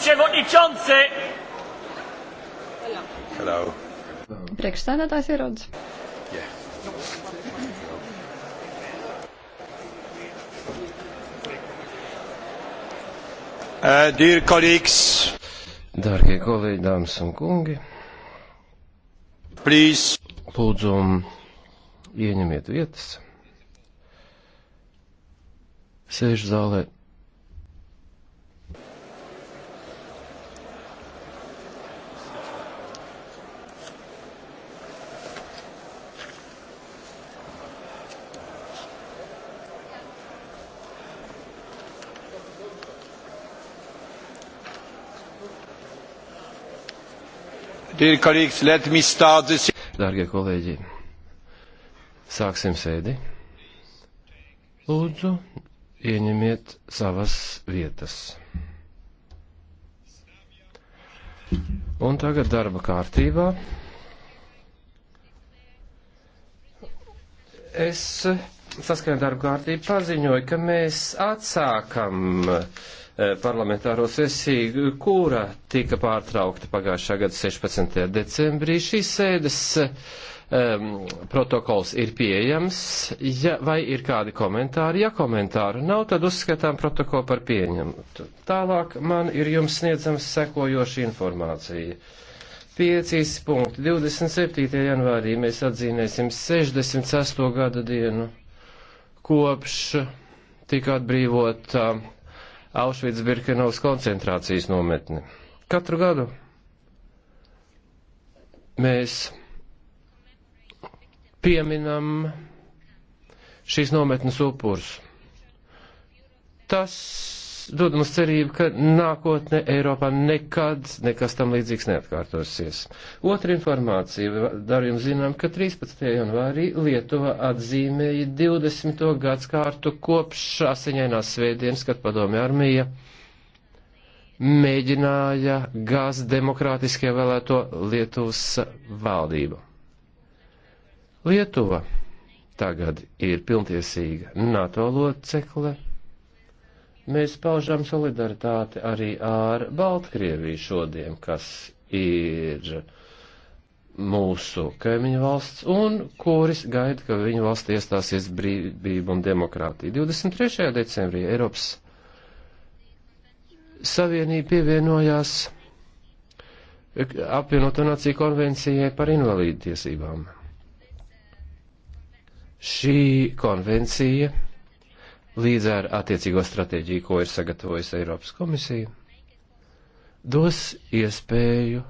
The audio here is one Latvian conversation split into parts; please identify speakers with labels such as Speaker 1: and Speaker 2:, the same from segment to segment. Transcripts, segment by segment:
Speaker 1: Przewodniczący! Hello. Priekšsēdētājs ierodas. Yeah. Uh, dear colleagues. Dārgie kolēģi, dāmas un kungi. Please. Lūdzu, ieņemiet vietas. Sēž zālē. Dārgie kolēģi, sāksim sēdi. Lūdzu, ieņemiet savas vietas. Un tagad darba kārtībā. Es saskaņā darba kārtību paziņoja, ka mēs atsākam eh, parlamentāro sesiju, kura tika pārtraukta pagājušā gada 16. decembrī. Šīs sēdes um, protokols ir pieejams, ja, vai ir kādi komentāri. Ja komentāru nav, tad uzskatām protokolu par pieņemtu. Tālāk man ir jums sniedzams sekojoša informācija. 5.27. janvārī mēs atzīmēsim 68. gada dienu kopš tika atbrīvota Aušvic-Birkenovas koncentrācijas nometne. Katru gadu mēs pieminam šīs nometnes upurs. Tas dod mums cerību, ka nākotne Eiropā nekad nekas tam līdzīgs neatkārtosies. Otra informācija. Daru jums zinām, ka 13. janvārī Lietuva atzīmēja 20. gadskārtu kopš asiņainās svētdienas, kad padomja armija mēģināja gāzt demokrātiskie vēlēto Lietuvas valdību. Lietuva tagad ir pilntiesīga NATO locekle Mēs paužam solidaritāti arī ar Baltkrieviju šodien, kas ir mūsu kaimiņu valsts un kuris gaida, ka viņu valsts iestāsies brīvība un demokrātija. 23. decembrī Eiropas Savienība pievienojās apvienoto nāciju konvencijai par invalīdu tiesībām. Šī konvencija līdz ar attiecīgo stratēģiju, ko ir sagatavojusi Eiropas komisija, dos iespēju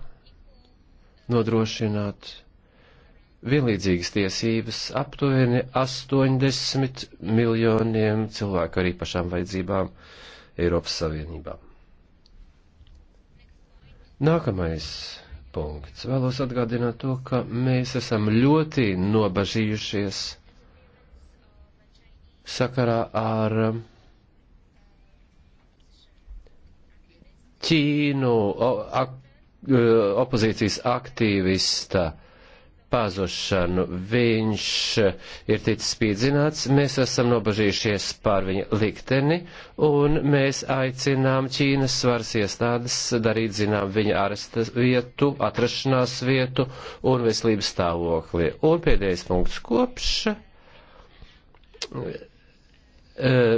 Speaker 1: nodrošināt vienlīdzīgas tiesības aptuveni 80 miljoniem cilvēku ar īpašām vajadzībām Eiropas Savienībā. Nākamais punkts. Vēlos atgādināt to, ka mēs esam ļoti nobažījušies sakarā ar um, Ķīnu ak, uh, opozīcijas aktīvista pazušanu. Viņš uh, ir ticis spīdzināts, mēs esam nobažījušies pār viņa likteni, un mēs aicinām Ķīnas svaras iestādes darīt zinām viņa aresta vietu, atrašanās vietu un veselības stāvokli. Un pēdējais punkts kopš Eh,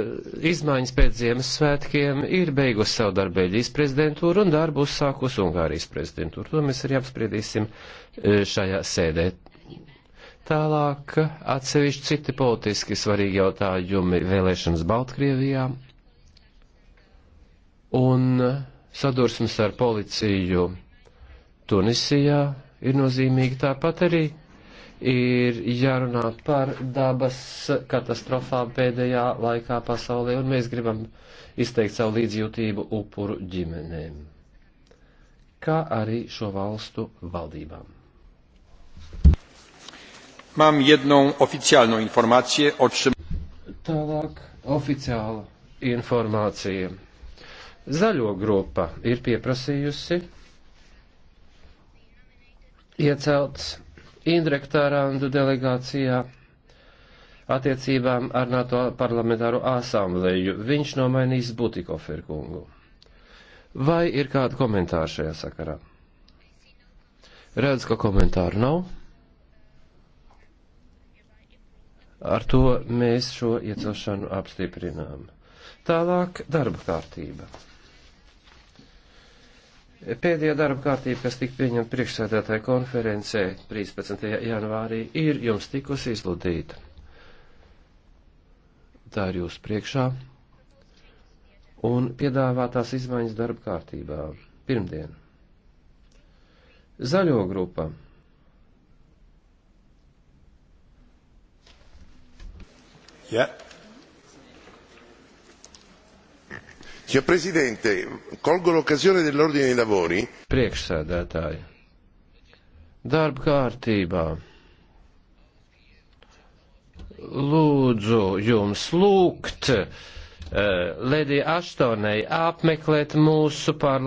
Speaker 1: izmaiņas pēc Ziemassvētkiem ir beigusi savu darbu Beļģijas prezidentūru un darbu uzsākusi Ungārijas prezidentūru. To mēs arī apspriedīsim eh, šajā sēdē. Tālāk atsevišķi citi politiski svarīgi jautājumi vēlēšanas Baltkrievijā un sadursmes ar policiju Tunisijā ir nozīmīgi tāpat arī ir jārunā par dabas katastrofām pēdējā laikā pasaulē, un mēs gribam izteikt savu līdzjūtību upuru ģimenēm, kā arī šo valstu valdībām. Mam jedną oficjalną informację o czym. Tālāk oficiāla informācija. Zaļo grupa ir pieprasījusi iecelts indirektārandu delegācijā attiecībām ar NATO parlamentāro asambleju. Viņš nomainīs Butikoferu kungu. Vai ir kādi komentāri šajā sakarā? Redz, ka komentāru nav. Ar to mēs šo iecelšanu apstiprinām. Tālāk darba kārtība. Pēdējā darba kārtība, kas tika pieņemta priekšsēdētāja konferencē 13. janvārī, ir jums tikusi izludīta. Tā ir jūsu priekšā un piedāvātās izmaiņas darba kārtībā. Pirmdien. Zaļo grupa. Yeah. signor presidente colgo l'occasione dell'ordine dei lavori. priekšsēdētāji darba kārtībā lūdzu jums lūgt uh, eh, Ledija Aštonei apmeklēt mūsu parlamentu.